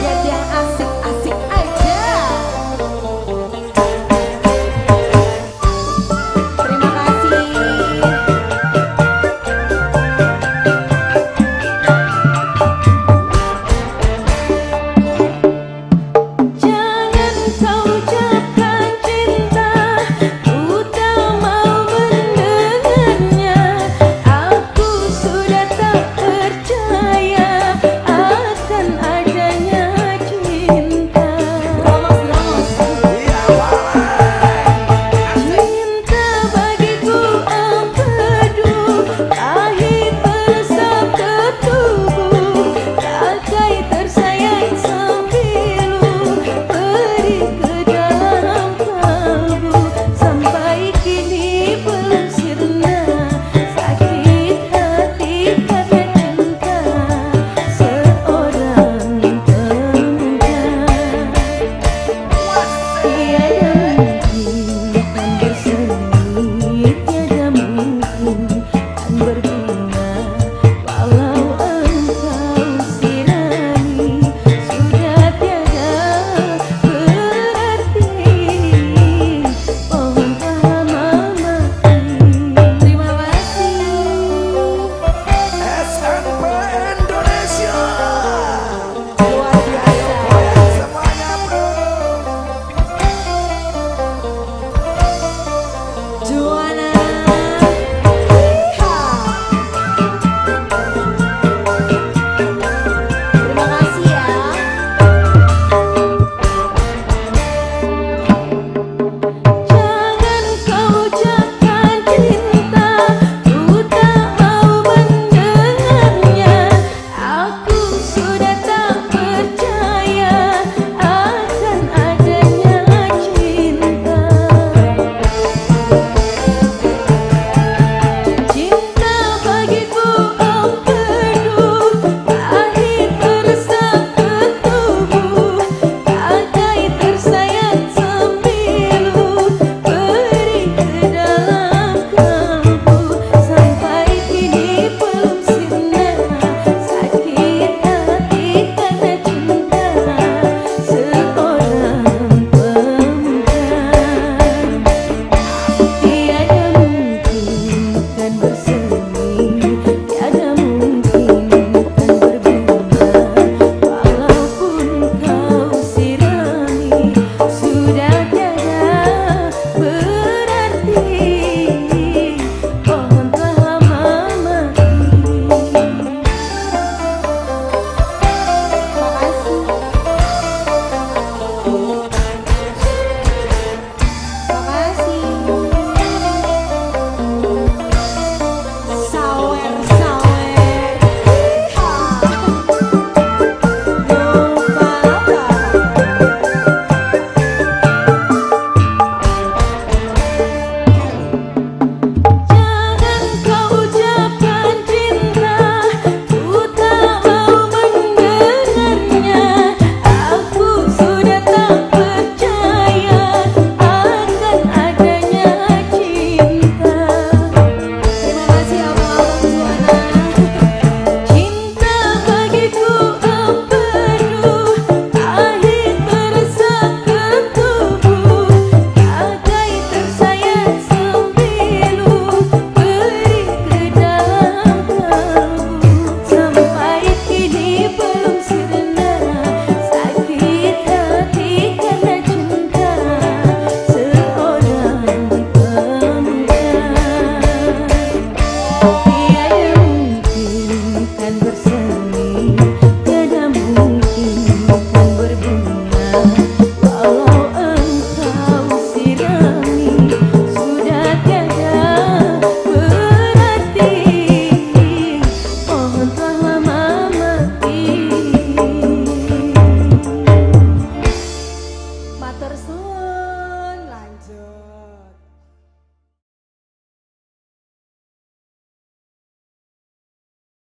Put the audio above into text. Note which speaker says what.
Speaker 1: ya dia asik